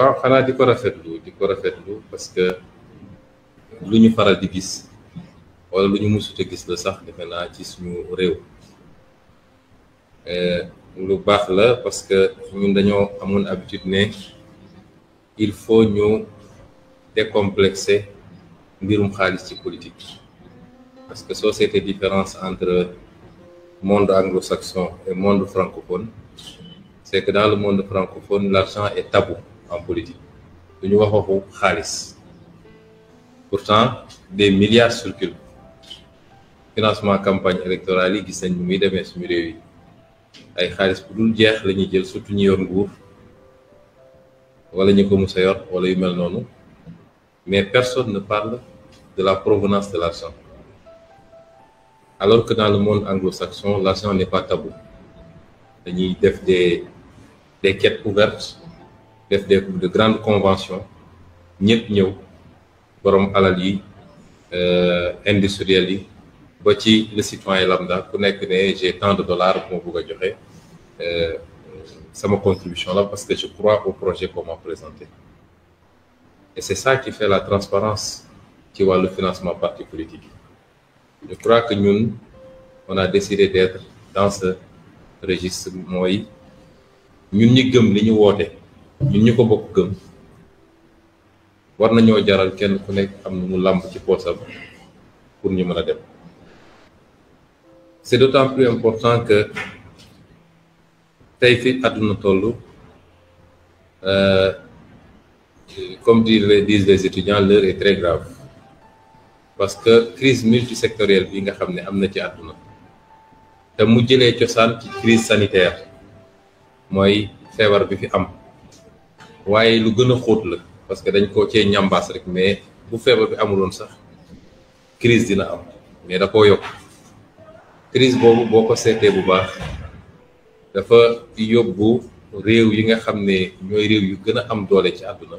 waaw xanaa di ko rafetlu di ko rafetlu parce que lu ñu faral di gis wala lu ñu mësute gis la sax defe naa ci suñu réew eh, lu baax la parce que ñun dañoo amoon habitude ne il faut ñu décomplexer mbirum xaalis ci politique parce que soo seetee différence entre monde anglo-saxon et monde francophone c'est que dans le monde francophone l'argent est tabou en politique duñu wax de xaalis pourtant des milliards circulent financement campagne électorale qui s'est nañ ni muy demee suñu réew yi ay xaalis bu dul jeex la ñuy surtout ñu yor nguur wala ñu ko yor wala mais personne ne parle de la provenance de l'argent alors que dans le monde anglo-saxon l'argent n'est pas tabou dañuy def des des quêtes ouvertes des de grandes conventions ñëpp ñëw borom alal yi euh, industriels yi ba le citoyen lambda ku nekk j'ai tant de dollars pour vous gagner, c'est joxe euh, contribution là parce que je crois au projet qu'on m'a présenté et c'est ça qui fait la transparence voit le financement parti politique je crois que nous, on a décidé d'être dans ce registre mooy ñun ñi gëm li ñu ñun ñu ko bokk gëm war nañoo jaral kenn ku nekk am na mu làmb ci poosam pour ñu mën a dem c'est d'autant plus important que tey fi àdduna toll euh, comme disent les étudiants l'heure est très grave parce que crise multisectorielle bi nga xam ne am na ci àdduna te mu jëlee cosaan ci crise sanitaire mooy feebar bi fi am waaye lu gën a xóot la parce que dañ ko cee ñàmbaas rek mais bu feebar bi amuloon sax crise dina am mais da koo yokk crise boobu boo ko seetee bu baax dafa yóbbu réew yi nga xam ne ñooy réew yu gën a am doole ci àdduna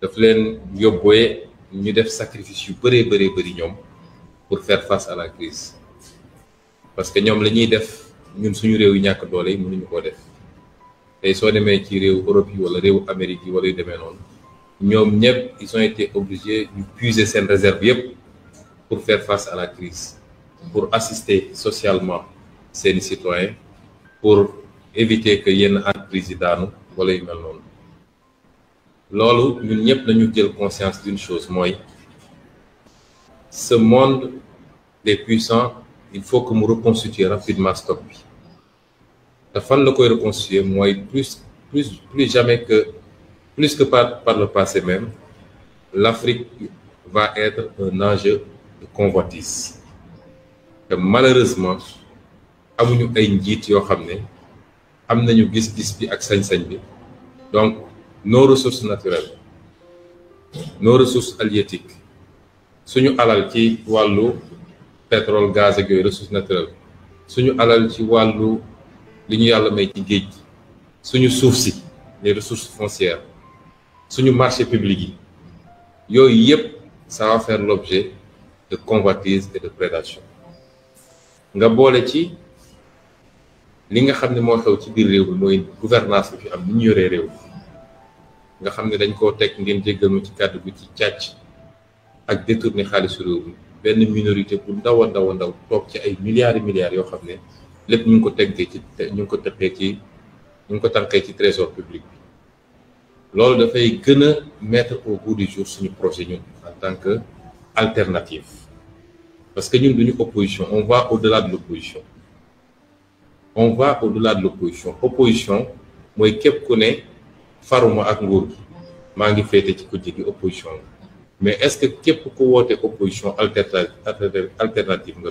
daf leen yóbbee ñu def sacrifice yu bëree bëree bëri ñoom pour faire face à la crise parce que ñoom la ñuy def ñun suñu réew yu ñàkk doole yi mënuñu koo def et soo ci tirés Europe Européens, wala aux Amérique wala ils ont été obligés de puiser ces réserves pour faire face à la crise pour assister socialement ces citoyens pour éviter qu'il y ait un président wala yu mel noonu nous ñun conscience d'une chose moi, ce monde des puissants il faut que nous reconstituions rapidement stock bi la fan la koy plus plus jamais que plus que par le passé même l'Afrique va être un enjeu de convoitise que malheureusement amuñu ay njit yo xamné amnañu gis-gis bi ak sañ-sañ bi donc nos ressources naturelles nos ressources halieutiques suñu alal ci walu, pétrole gaz ak ressources naturelles suñu alal ci walu li ñu yàlla may ci géej gi suñu suuf si les ressources foncières suñu marché public yi yooyu yëpp ça va faire l'objet de convoitise et de prédation nga boole ci li nga xam ne moo xew ci biir réew bi mooy gouvernance bi fi am ni ñu yoree réew nga xam ne dañ koo teg ngeen jéggal ma ci kàddu gi ci càcc ak détourner xaalisu réew mi benn minorité bu ndaw a ndaw a ndaw toog ci ay milliards et milliards yoo xam ne lépp ñu ko teggee ci ñu ko tënkee ci ñu ko tànkee ci trésor public bi loolu dafay gën a mettre au goût du jour suñu projet ñun en tant que alternative parce que ñun duñu opposition on va au-delà de l'opposition on va au-delà de l'opposition opposition mooy képp ku ne faruma ak nguur gi maa ngi féete ci kujji gi opposition mais est-ce que képp ku woote opposition alternative alternative nga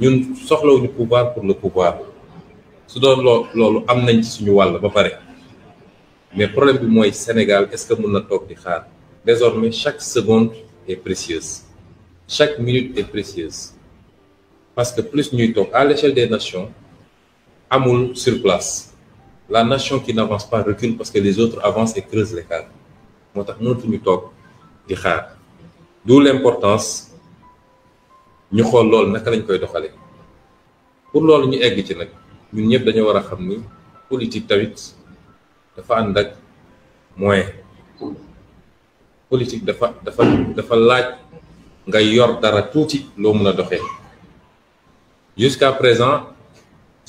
ñun ñu pouvoir pour le pouvoir su doon loo loolu am nañ ci suñu wàll ba pare mais problème bi mooy Sénégal est-ce que avons na toog di xaar désormais chaque seconde est précieuse chaque minute est précieuse parce que plus ñuy toog à l'échelle des nations amul sur place la nation qui n'avance pas recule parce que les autres avancent et creusent l'écart Nous tax mënatuñu toog di xaar d'où l'importance ñu xool loolu naka lañ koy doxale pour loolu ñu egg ci nag ñun ñëpp dañoo war a xam ni politique tawit dafa ànd ak moyen politique dafa dafa laaj nga yor dara tuuti loo mun a doxee jusqu'à présent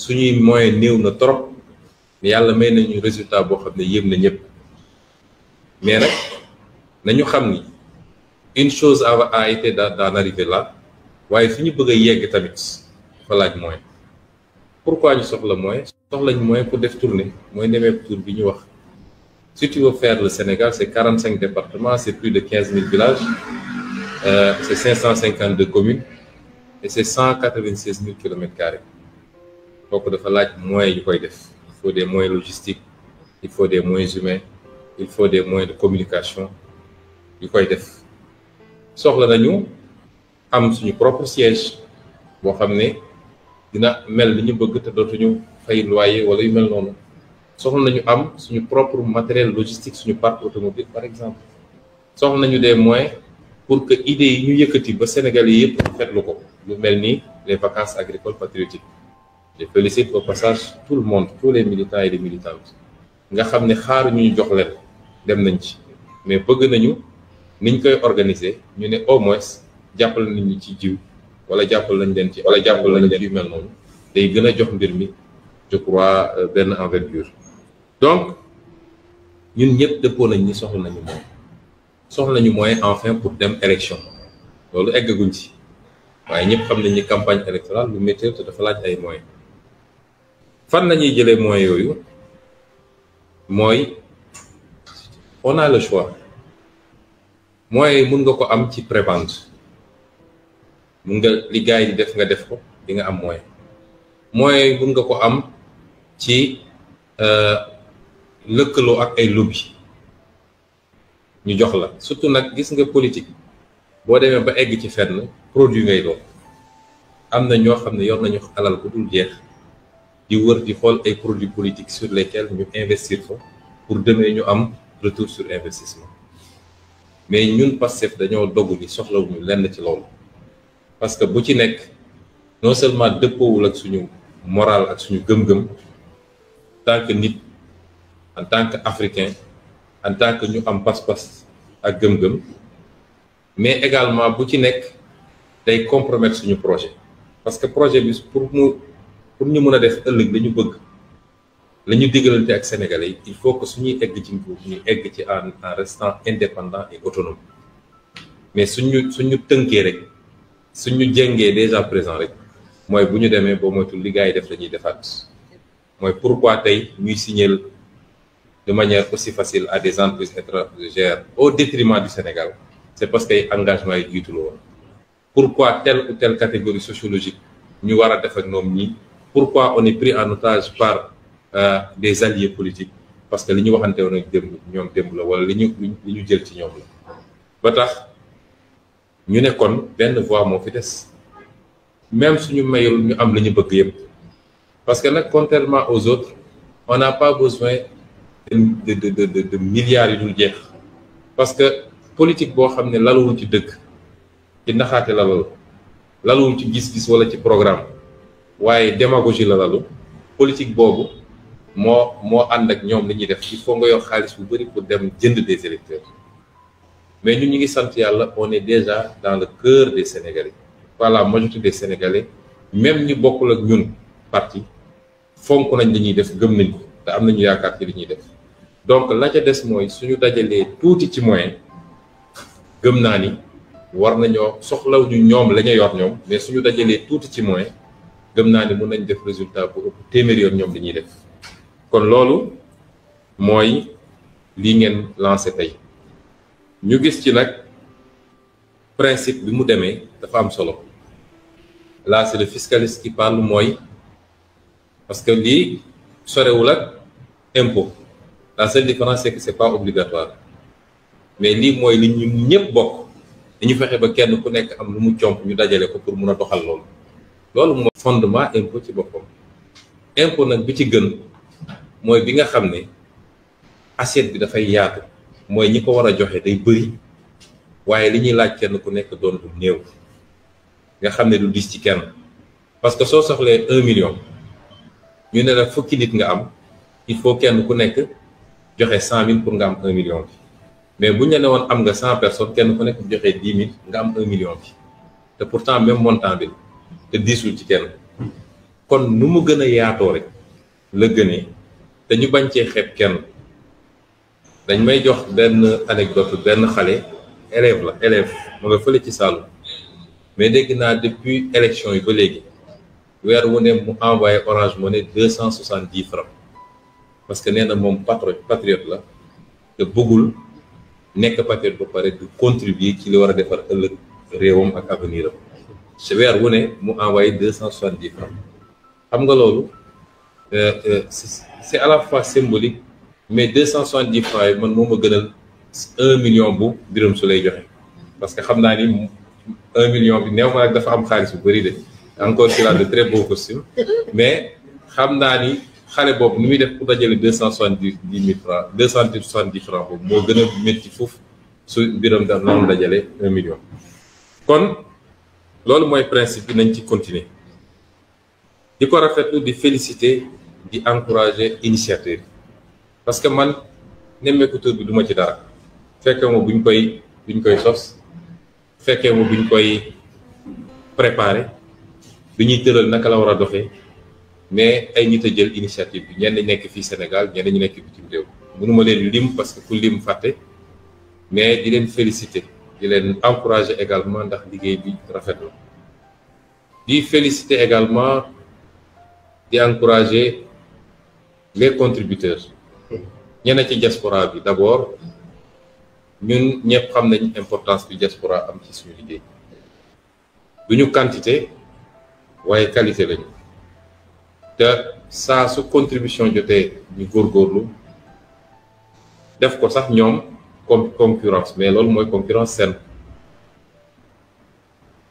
suñuy moyen néew na trop yàlla may nañu résultat boo xam ne yéem na ñëpp mais nag nañu xam ni une chose a a été d'en arriver là waaye fi ñu bëgg a yegg tamit fa laaj moyen pourquoi ñu soxla mooy soxlañ mooy pour def tournée mooy tour bi ñu wax si tu veux faire le Sénégal c'est 45 départements c'est plus de quinze mille villages euh, c'est cinq cent cinquante deux communes et c'est cent quatre vingt seize mille kilomètres carrés kooku dafa laaj moyens yu koy def il faut des moyens logistiques il faut des moyens humains il faut des moyens de communication yu koy def soxla nañu am suñu propre siège boo xam ne dina mel li ñu bëgg te dootuñu fay loyer wala yu mel noonu soxla nañu am suñu propre matériel logistique suñu parc automobile par exemple soxla nañu des moyens pour que idée yi ñu yëkkati ba Sénégal yi yëpp fetlu ko lu mel ni les vacances agricoles patriotiques je félicite au passage tout le monde tous les militants et les militantes nga xam ne xaaruñu ñu jox leen dem nañ ci mais bëgg nañu niñ koy organiser ñu ne au moins jàppale nit ñi ci jiw wala jàppal lañ leen ci wala jàppal lañ leen yu mel noonu day gën a jox mbir mi je crois euh, benn envergure donc ñun ñëpp dëppoon nañ ñi soxla nañu moyen soxla nañu moyen enfin pour dem élection loolu eggaguñ ci waaye ñëpp xam nañ ni campagne électorale lu météo te dafa laaj ay moyen fan nañuy jëlee moyens yooyu mooy on a le choix moyens mun nga ko am ci prébende mun nga li di def nga def ko di nga am moy moy bu nga ko am ci eh, lekkelo ak ay eh, lobby ñu jox la surtout nak gis nga politique bo démé ba egg ci fenn produit ngay do am na xamné yor nañu alal bu dul jeex di wër di xol ay produits politiques sur lesquels ñu investir fa pour démé ñu am retour sur investissement mais ñun passef dañoo dogu ni ñu lenn ci loolu parce que bu non seulement ak suñu moral ak suñu en tant que en tant que africain en tant que ñu mais également bu ci compromettre suñu projet parce que projet pour nous, pour ñu a def ëllëg la bëgg la ñu il faut que suñuy en restant indépendant et autonome mais suñu suñu rek suñu nous pas déjà présent rek moy ne démé pas boo tout ligay def lañuy pourquoi nous ñuy de manière aussi facile à des entreprises étrangères au détriment du Sénégal c'est parce que engagement yi tout le pourquoi telle ou telle catégorie sociologique ñu a def ak ñom ñi pourquoi on est pris en otage par euh, des alliés politiques parce que nous, waxanté waxante des ak Nous, la wala liñu ñu ne kon benn voix moo fi des même suñu mayul ñu am li ñu bëgg yëpp parce que nag contrairement aux autres on n'a pas besoin de de de de, de milliards yu dul jeex parce que politique boo xam ne laluwul ci dëgg ci naxaate la lalu laluwul ci gis-gis wala ci programme waaye démagogie la lalu politique boobu moo moo ànd ak ñoom li ñuy def il faut nga yor xaalis bu bëri pour dem jënd des électeurs mais nous, ñu on est déjà dans le cœur des Sénégalais par la majorité des Sénégalais même ni beaucoup de partis, parti font nañ des def gëm nañ gens am donc la des suñu tout ci moyen gëm naa ni war nañoo soxlaw ñu ñoom la yor ñoom mais suñu dajalee tuuti ci moyen gëm naa ni mun nañ def résultat bu ëpp yoon li ñuy def kon lancé ñu gis ci nag principe bi mu demee dafa am solo là c'est le fiscaliste qui parle mooy parce que lii sorewul ak impôt la seule différence c'est que c'est pas obligatoire mais lii mooy li ñu ñëpp bokk dañu fexe ba kenn ku nekk am lu mu comp ñu dajale ko pour mun a doxal loolu loolu mooy fondement impôt ci boppam impôt nag bi ci gën mooy bi nga xam ne assiette bi dafay yaatu mooy ñi ko war a joxe day bëri waaye li ñuy laaj kenn ku nekk doon néew nga xam ne du dis ci kenn parce que soo soxlee un million ñu ne la fukki nit nga am il faut kenn ku nekk joxe cent mille pour nga am un million bi mais bu ñu woon am nga cent personnes kenn ku nekk joxe dix mille nga am un million bi te pourtant même montant bi te diisul ci kenn kon nu mu gën a yaatoo rek la gënee te ñu bañ cee xeeb kenn. dañ may jox benn anecdote benn xale élève la élève ma nga fële ci Saalum mais dégg naa depuis élection yi ba léegi weer wu ne mu envoyé Orange Money deux cent francs parce que nee na moom patriote patriote la te bëggul nekk patriote ba pare du contribuer ci li war a defar ëllëg réewam ak avenir am si weer wu ne mu envoyé 270 francs xam nga loolu euh, euh, c'est à la fois symbolique mais 270 francs man moma gënal 1 million bu Birame Souleye joxe parce que xamna ni 1 million bi neew ma rek dafa am xaalis bu bari de encore qu'il a de très beaux costumes mais xamna ni xalé boobu nu muy def pour dajale 270 cent soixante francs deux cent soixante dix francs boobu moo gën a métti su biram da non dajale 1 million kon loolu moy principe bi nañ ci continuer diko ko rafetlu di féliciter di encourager initiative parce que man nemmeeku tur bi duma ci dara fekkee ma buñ koy buñ koy sos fekkee ma buñ koy préparé bi ñuy tëral naka la war a doxee mais ay nit a jël initiative bi ñenn nekk fii Sénégal ñenn ñu nekk bitim réew mënuma leen lim parce que ku lim fàtte mais di leen féliciter di leen encourager également ndax liggéey bi rafet la di félicité également di encourager les contributeurs ñene ci diaspora bi d'abord ñun ñëpp xam nañ importance bi diaspora am ci suñu liggéey du ñu quantité waaye qualité lañu te saa su contribution jotee ñu góorgóorlu def ko sax ñoom comme concurrence mais loolu mooy concurrence saine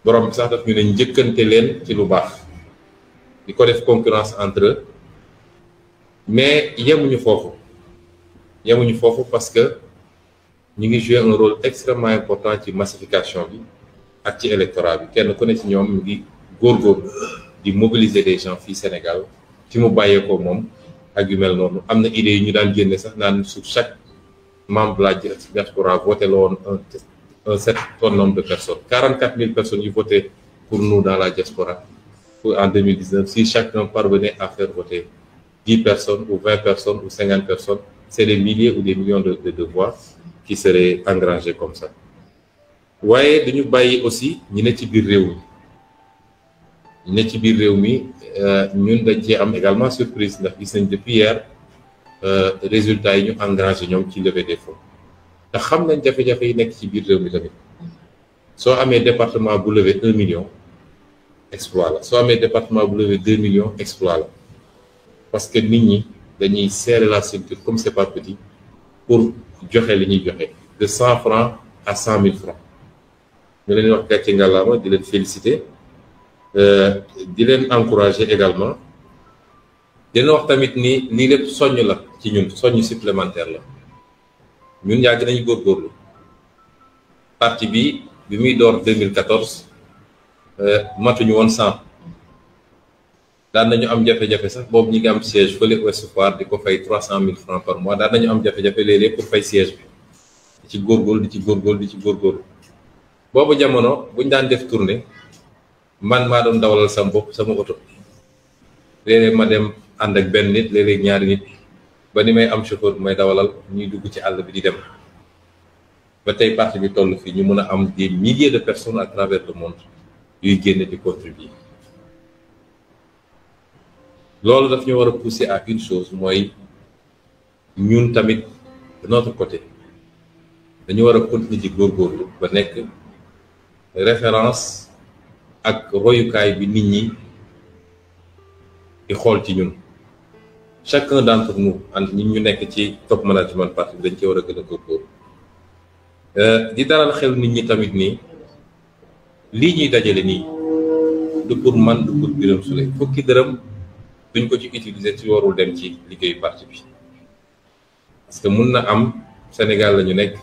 borom bi sax daf ñu ne njëkkante leen ci lu baax di ko def concurrence entre mais yemuñu foofu yemuñu fofu parce que nous jouons un rôle extrêmement important la massification bi ak ci électorat bi kenn ku ne ci ñoom ngi di mobiliser des gens fii Sénégal ci mu bàyyeekoo moom ak yu mel noonu am na idée ñu daan sax chaque membre la diaspora voté la un certain nombre de personnes quarante quatre personnes ont voté pour nous dans la diaspora en 2019. si chacun parvenait à faire voter 10 personnes ou 20 personnes ou 50 personnes c'est des milliers ou des millions de, devoirs qui seraient engrangés comme ça. Vous voyez, nous avons aussi des étudiants. Nous avons également surpris également surprise. Depuis hier, les euh, résultats engrangé engrangés, ils ont levé des fonds. Nous savons que nous avons des étudiants qui sont Soit mes départements, vous levez 1 million, exploit. Soit mes départements, vous levez 2 millions, exploit. Parce que nous, dañuy serrer la structure comme c'est pas petit pour joxe li ñuy de 100 francs à 100 000 francs ñu leen wax gàcce di leen féliciter euh, di leen encourager également di leen wax tamit ni ni lépp soññ la ci ñun soññ supplémentaire la ñun yàgg nañu góorgóorlu parti bi bi muy door 2014 euh, matuñu woon daan na ñu am jafe-jafe sax boobu ñu ngi am siège fële Ouest Foire di ko fay trois cent mille francs par mois daan nañu am jafe-jafe léeg-léeg pour fay siège bi di ci góorgóorlu di ci góor góor boobu jamono buñ daan def tournée man maa doon dawalal sama bopp sama oto léeg ma dem ànd ak benn nit léeg-léeg ñaari nit ba ni may am chauffeur bu may dawalal ñuy dugg ci àll bi di dem ba tey parti bi toll fii ñu mën a am des milliers de personnes à travers le monde yuy génne di contribuer loolu daf ñu war a pousser à une chose mooy ñun tamit de notre côté dañu war a continuer ci góorgóorlu ba nekk référence ak royukaay bi nit ñi di xool ci ñun chacun d'entre nous entre ñi ñu nekk ci top management parti dañ ci war a gën a góorgóorlu euh, di dalal xel nit ñi tamit nii lii ñuy dajale nii du pour man du pour Birame Souleye fukki dërëm duñ ko ci utiliser ci warul dem ci liggéeyu parti bi parce que mun na am Sénégal la ñu nekk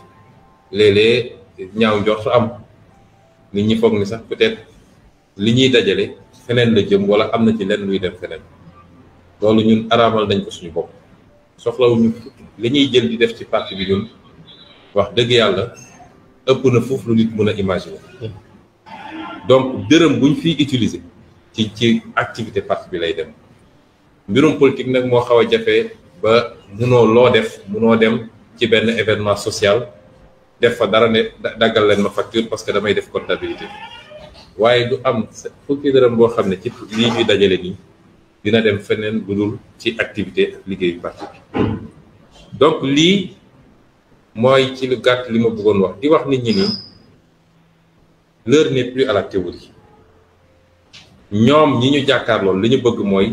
léeg-léeg ñaaw njortu am nit ñi foog ni sax peut-être li ñuy dajale feneen la jëm wala am na ci lenn luy dem feneen loolu ñun araamal dañ ko suñu bopp soxlawuñu li ñuy jël di def ci parti bi ñun wax dëgg yàlla ëpp na foofu lu nit mën a imaginer mm-hmm. donc dërëm buñ fi utiliser ci ci activité parti bi lay dem mbirum politique nag moo xaw a jafe ba munoo loo def munoo dem ci benn événement social def fa dara ne daggal leen ma facture parce que damay def comptabilité waaye du am fukki dërëm boo xam ne ci lii ñuy dajale nii dina dem feneen bu dul ci activité ak liggéeyu parti bi donc lii mooy ci lu gàtt li ma bëggoon wax di wax nit ñi nii l'heure n'est plus à la théorie ñoom ñi ñu jàkkaarloo li ñu bëgg mooy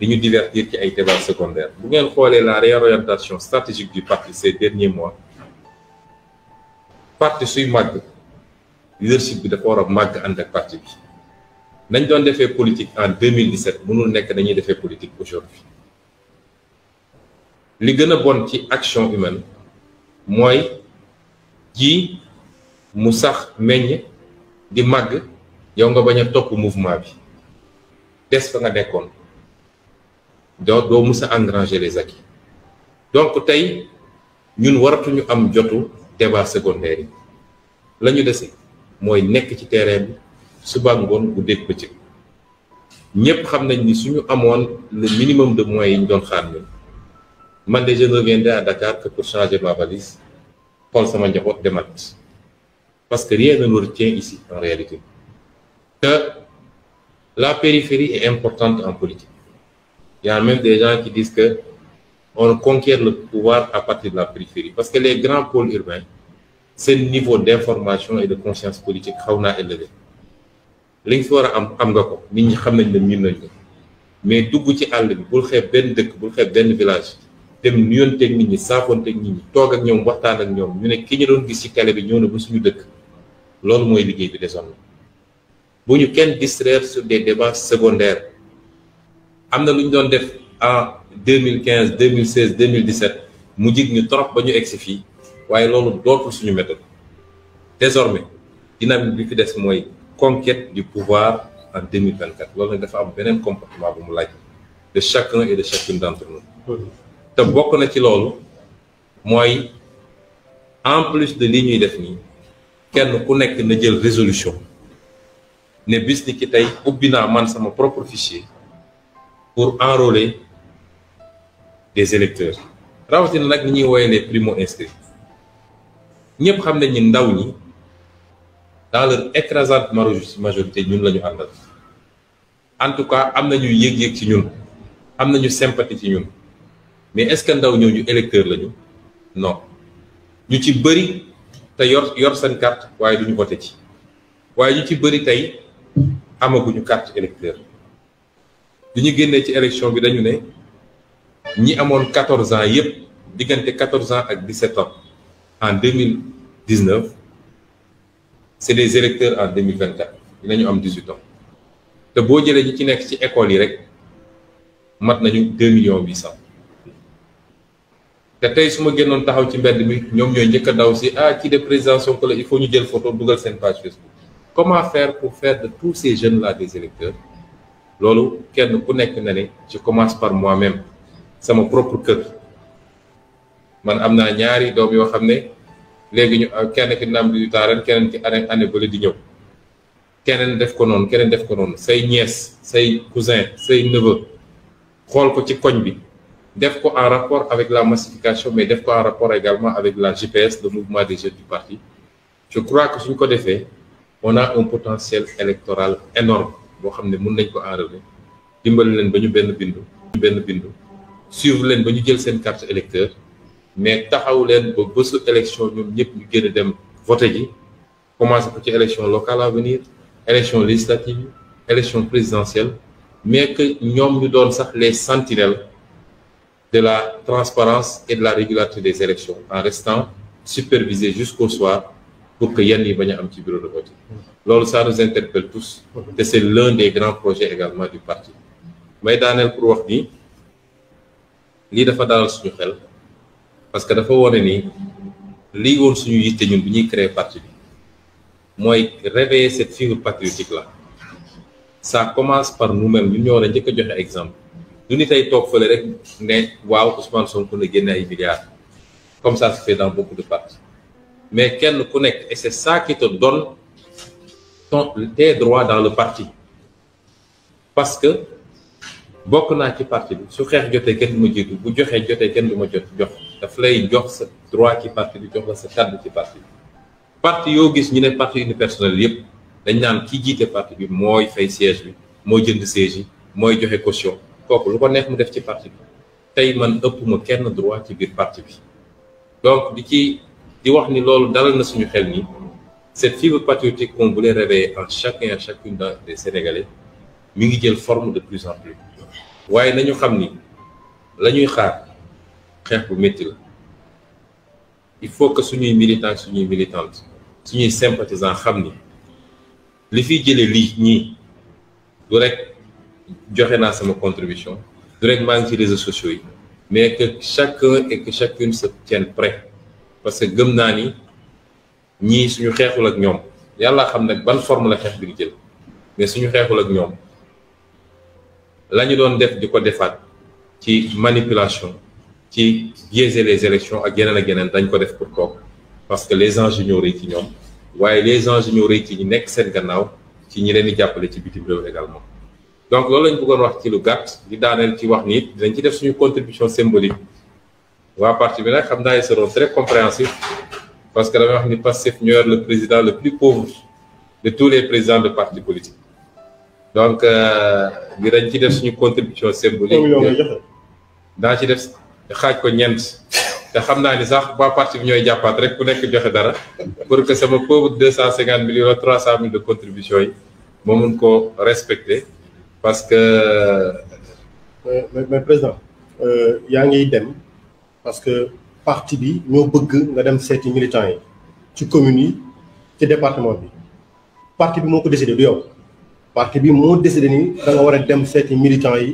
de nous divertir qui a été le secondaire. Vous voyez la réorientation stratégique du parti ces derniers mois. Parti suit mag, leadership de fort mag en que parti. Nous avons fait politique en 2017, nous n'avons pas fait politique aujourd'hui. Ce qui est bon ci action humaine Moi, ji mu sax des Mag màgg yow nga bañ a mouvement bi des fa nga doo doo mus a les acquis donc tey ñun waratuñu am jotu débat secondaire yi la ñu dese mooy nekk ci terrain bi suba ngoon guddeeg bëccëg ñëpp xam nañ ni suñu amoon le minimum de moyens yi ñu doon xaar man je ne reviendrai à Dakar que pour changer ma valise xool sama njaboot demat parce que rien ne nous retient ici en réalité que la périphérie est importante en politique il y a même des gens qui disent que on conquiert le pouvoir à partir de la périphérie. Parce que les grands pôles urbains, le niveau d'information et de conscience politique qu'on a élevé mais tout ci bi village dem nit nit ak ak ñu ki ñu doon ci bi na suñu est bi distraire sur des débats secondaires amna luñ doon def en 2015 2016 2017 mu jig ñu trop ba ñu egsi suñu méthode désormais dynamique bi fi des mooy conquête du pouvoir en 2024. mille fait loolu nag dafa am comportement bu mu laaj de chacun et de chacune d'entre nous te bokk na ci loolu en plus de lignes définies def nii kenn ku nekk na jël résolution ne bis ni ki tey ubbi man sama propre fichier pour enrôler des électeurs rawatina nak ni ñuy les primo inscrits Ñepp xam nañ ni ndaw ñi dans leur écrasante majorité ñun la andal. en tout cas am nañu yëg-yëg ci ñun am nañu sympathie ci ñun mais est-ce que ndaw ñu électeur lañu non ñu ci bëri te yor yor sen carte waye duñu voter ci Waye ñu ci bëri tay amaguñu carte électeur nous avons eu l'élection Nous avons 14 ans, 14 ans et 17 ans en 2019. C'est les électeurs en 2024. Nous avons 18 ans. Si nous avons eu l'école nous avons 2 millions 800. 000. je suis venu à la maison, je dit ah, que nous prenions une photo, nous prenions Facebook. Comment faire pour faire de tous ces jeunes-là des électeurs Lolo, kenn ku je commence par moi-même mon propre cœur. man ñaari doom ñu kenn ki di def ko def ko say neveu ko ci bi en rapport avec la massification mais def ko en rapport également avec la GPS le mouvement des jeunes du parti je crois que suñ ko defee on a un potentiel électoral énorme boo xam ne mun nañ ko enrôler dimbali leen ba ñu benn bindu benn bindu suivre leen jël carte électeur mais taxaw leen ba bésu élection ñoom ñëpp ñu gën a dem voté ji commencé ko ci élection locale à venir élection législative élection présidentielle mais que ñoom ñu doon sax les sentinelles de la transparence et de la régularité des élections en restant supervisés jusqu'au soir pour que bureau de vote ça nous interpelle tous c'est l'un des grands projets également du parti Mais pour parce que la fois créer parti réveiller cette figure patriotique là ça commence par nous-mêmes Nous a exemple comme ça se fait dans beaucoup de partis mais qu'elle connecte. Et c'est ça qui te donne ton, tes droits dans le parti. Parce que, bokk ci parti bi su xeex jotee kenn du ma jiitu bu joxee jotee kenn du ma jot jox daf lay jox sa droit ci parti bi jox la sa kàddu ci parti bi parti yoo gis ñu ne parti unipersonnel yëpp dañ naan ki jiite parti bi mooy fay siège bi mooy jënd siège yi mooy joxe caution kooku lu ko neex mu def ci parti bi tey man ëpp ma kenn droit ci biir parti bi donc di ci di wax ni loolu dalal na suñu xel ni cette fibre patriotique qu'on voulait réveiller en chacun et chacune des Sénégalais mi ngi jël forme de plus en plus waaye nañu xam ni la ñuy xaar xeex bu métti la il faut que suñuy militant suñuy militante, suñuy sympathisants xam ni li fiy jëlee lii ñii du rek joxe naa sama contribution du rek maa ngi ci réseaux sociaux mais que chacun et que chacune se tienne prêt parce que gëm naa ni ñii suñu xeexul ak ñoom yàlla xam nag ban forme la xeex bi di jël mais suñu xeexul ak ñoom la ñu doon def di ko defaat ci manipulation ci biaiser les élections ak yeneen ak yeneen dañ ko def pour toog parce que les enjeux ñoo rëy ci ñoom waaye les enjeux ñoo rëy ci ñi nekk seen gannaaw ci ñi leen di jàppale ci bitim réew également donc loolu lañ bëggoon wax ci lu gàtt di daaneel ci wax ni dinañ ci def suñu contribution symbolique wa parti bi nag xam naa ils seront très compréhensifs parce que damay wax ni Pastef ñu le président le plus pauvre de tous les présidents de parti politique donc bi euh, dañ ci def suñu contribution symbolique daa ci def xaaj ko ñent te xam naa ni sax waa parti bi ñooy jàppaat rek ku nekk joxe dara pour que sama pauvre deux cent cinquante mille trois cent mille de contribution yi moo mun ko respecter parce que euh, mais mais président euh, yaa ngi dem parce que parti bi ñoo bëgg nga militants yi ci yi département bi parti bi moo décidé du yow parti bi décidé ni da nga a militants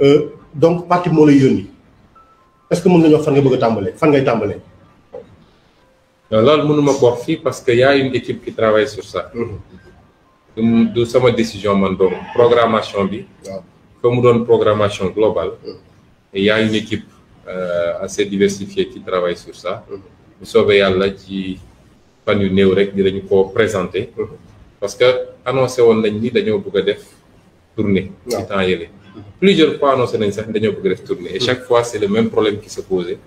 euh, donc parti est-ce que mën wax nga bëgg parce qu'il y a une équipe qui travaille sur ça. Mhm. du sama décision programmation bi. programmation globale. Mhm. Et il y a une équipe euh, assez diversifiée qui travaille sur ça. Nous sommes yàlla ci fan néorec, néew nous présenter. parce que annoncé on ni dañoo bëgg a def tournée. ci plusieurs fois annoncé nañ sax dañoo bëgg def tournée. et chaque fois c'est le même problème qui se posait.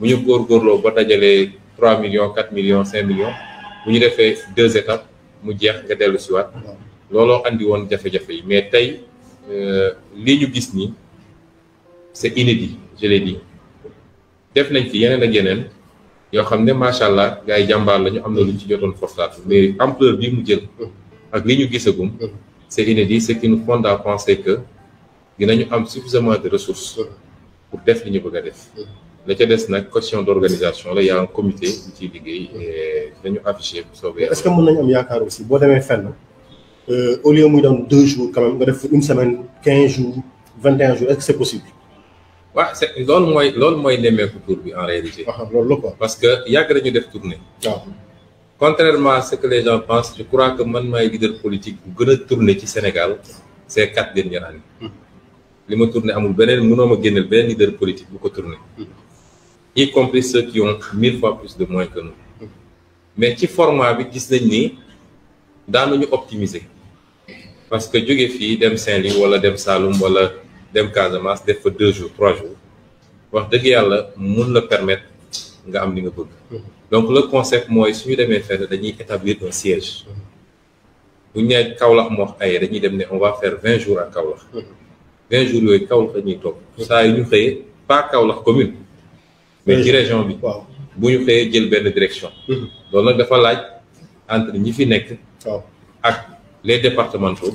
bu ñu góorgóorloo ba dajalee 3 millions 4 millions 5 millions Nous avons fait deux étapes mu jeex nga le si waat. looloo andi woon fait jafe mais nous avons fait gis c'est inédit je l'ai dit def nañ fi yeneen ak yeneen yoo xam ne macha allah gars yi jàmbaar lañu am na luñ ci jotoon fortaatu mais ampleur bi mu jël ak li ñu gisagum c'est inédit ce qui nous fonde à penser que dinañu am suffisamment de ressources pour def li ñu bëgg a def la ca des nag question d'organisation la y a un comité bu ciy liggéey et dinañu affiché bu soobee est-ce que mën nañu am yaakaar aussi boo demee fenn euh, au lieu muy doon deux jours quand même nga def une semaine quinze jours vingt et un jours est-ce que c'est possible waaw c' est loolu mooy loolu mooy nemmeeku tour bi en réalité. parce que yàgg nañu def tourné. contrairement à ce que les gens pensent je crois que mon maire leader politique bu tourner a ci Sénégal ces quatre dernières années. Hmm. li ma tourné amul beneen mënoo ma génneel beneen leader politique bu ko hmm. y compris ceux qui ont mille fois plus de moyens que nous. Hmm. mais ci format bi gis nañ ni daanuñu optimiser. parce que jóge fii dem Saint-Louis wala dem Saloum wala dem Casamance def fa deux jours trois jours wax dëgg yàlla mun la permettre nga am li nga bëgg. Mhm. donc le concept mooy suñu ñu demee fenn dañuy établir un siège. Mhm. bu ñu nee Kaolack moo wax ay dañuy dem ne on va faire vingt jours à Kaolack. Mhm. vingt jours yooyu Kaolack la ñuy toog. saa yu ñu xëyee pas Kaolack commune. mais ci région bi. waaw bu ñu xëyee jël benn direction. loolu nag dafa laaj entre ñi fi nekk. ak les départementaux.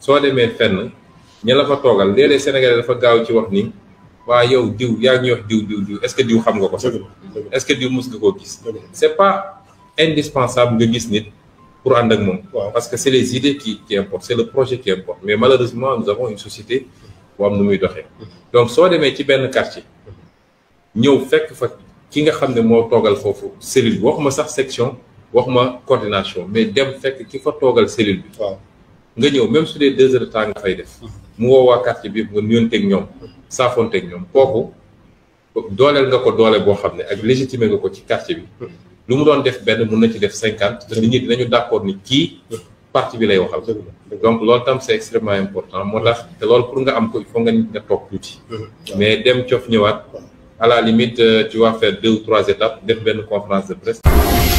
soo demee fenn ña la fa toogal léeg-léeg Sénégalais dafa gaaw ci wax ni waa yow diw yaa ngi wax diw diw diw est-ce que diw xam nga ko sax est-ce que diw mus nga koo gis c'est pas indispensable nga gis nit pour ànd ak moom parce que c'est les idées qui qui importe, c'est le projet qui importe mais malheureusement nous avons une société boo am nu muy doxee donc soo demee ci benn quartier ñëw fekk fa ki nga xam ne moo toogal foofu cellule waxuma sax section waxuma coordination mais dem fekk ki fa toogal cellule bi nga ñëw même su dee deux heures de temps nga fay def mu woo waa quartier bi nga nuyoonteeg ñoom saafoonteeg ñoom kooku dooleel nga ko doole boo xam ne ak légitimer nga ko ci quartier bi lu mu doon def benn mun na ci def cinquante te nit ñi dinañu d'accord ni kii parti bi lay waxal donc loolu tam c'est extrêmement important moo tax te loolu pour nga am ko il faut nga nit nga toog tuuti mais dem cof ñëwaat à la limite euh, tu vas faire deux ou trois étapes def benn conférence de presse